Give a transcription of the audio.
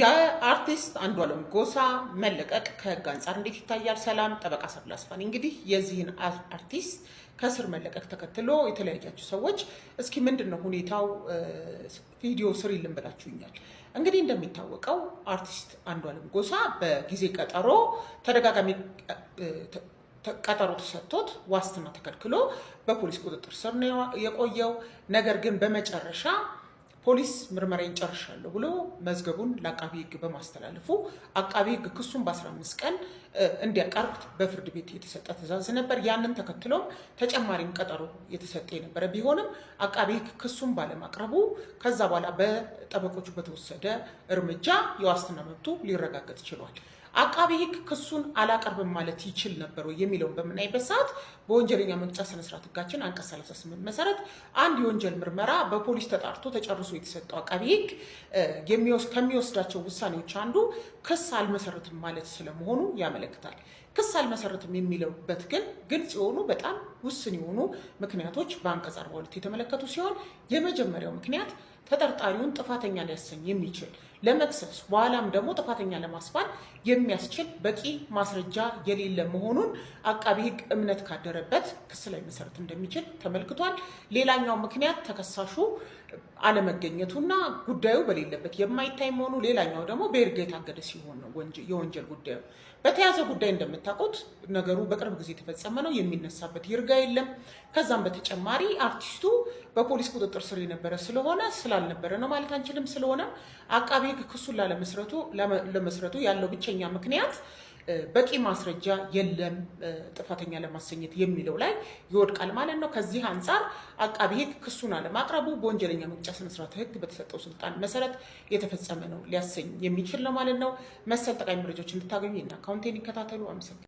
የአርቲስት አንዷለም ጎሳ መለቀቅ ከህግ አንጻር እንዴት ይታያል? ሰላም ጠበቃ ሰብለ አስፋን። እንግዲህ የዚህን አርቲስት ከስር መለቀቅ ተከትሎ የተለያያችሁ ሰዎች እስኪ ምንድን ነው ሁኔታው ቪዲዮ ስሪልን ብላችሁኛል። እንግዲህ እንደሚታወቀው አርቲስት አንዷለም ጎሳ በጊዜ ቀጠሮ ተደጋጋሚ ቀጠሮ ተሰጥቶት ዋስትና ተከልክሎ በፖሊስ ቁጥጥር ስር ነው የቆየው። ነገር ግን በመጨረሻ ፖሊስ ምርመራዬን ጨርሻለሁ ብሎ መዝገቡን ለአቃቢ ህግ በማስተላለፉ አቃቢ ህግ ክሱን በ15 ቀን እንዲያቀርብ በፍርድ ቤት የተሰጠ ትዕዛዝ ነበር። ያንን ተከትሎም ተጨማሪም ቀጠሮ የተሰጠ የነበረ ቢሆንም አቃቢ ህግ ክሱን ባለማቅረቡ ከዛ በኋላ በጠበቆቹ በተወሰደ እርምጃ የዋስትና መብቱ ሊረጋገጥ ችሏል። አቃቤ ሕግ ክሱን አላቀርብም ማለት ይችል ነበር ወይ የሚለውን በምናይበት ሰዓት በወንጀለኛ መቅጫ ስነስርዓት ሕጋችን አንቀጽ 38 መሰረት አንድ የወንጀል ምርመራ በፖሊስ ተጣርቶ ተጨርሶ የተሰጠው አቃቤ ሕግ ከሚወስዳቸው ውሳኔዎች አንዱ ክስ አልመሰረትም ማለት ስለመሆኑ ያመለክታል። ክስ አልመሰረትም የሚለውበት ግን ግልጽ የሆኑ በጣም ውስን የሆኑ ምክንያቶች በአንቀጽ 42 የተመለከቱ ሲሆን የመጀመሪያው ምክንያት ተጠርጣሪውን ጥፋተኛ ሊያሰኝ የሚችል ለመክሰስ በኋላም ደግሞ ጥፋተኛ ለማስባል የሚያስችል በቂ ማስረጃ የሌለ መሆኑን አቃቢ ሕግ እምነት ካደረበት ክስ ላይ መሰረት እንደሚችል ተመልክቷል። ሌላኛው ምክንያት ተከሳሹ አለመገኘቱና ጉዳዩ በሌለበት የማይታይ መሆኑ፣ ሌላኛው ደግሞ በይርጋ የታገደ ሲሆን ነው የወንጀል ጉዳዩ። በተያዘ ጉዳይ እንደምታውቁት ነገሩ በቅርብ ጊዜ የተፈጸመ ነው። የሚነሳበት ይርጋ የለም። ከዛም በተጨማሪ አርቲስቱ በፖሊስ ቁጥጥር ስር የነበረ ስለሆነ ስላልነበረ ነው ማለት አንችልም። ስለሆነ አቃቢ ኦነግ ክሱን ላለመስረቱ ያለው ብቸኛ ምክንያት በቂ ማስረጃ የለም ጥፋተኛ ለማሰኘት የሚለው ላይ ይወድቃል ማለት ነው። ከዚህ አንጻር አቃቢ ሕግ ክሱን አለማቅረቡ በወንጀለኛ መቅጫ ስነስርዓት ሕግ በተሰጠው ስልጣን መሰረት የተፈጸመ ነው ሊያሰኝ የሚችል ነው ማለት ነው። መሰል ጠቃሚ መረጃዎች እንድታገኙ እና አካውንቴን ይከታተሉ። አመሰግናለሁ።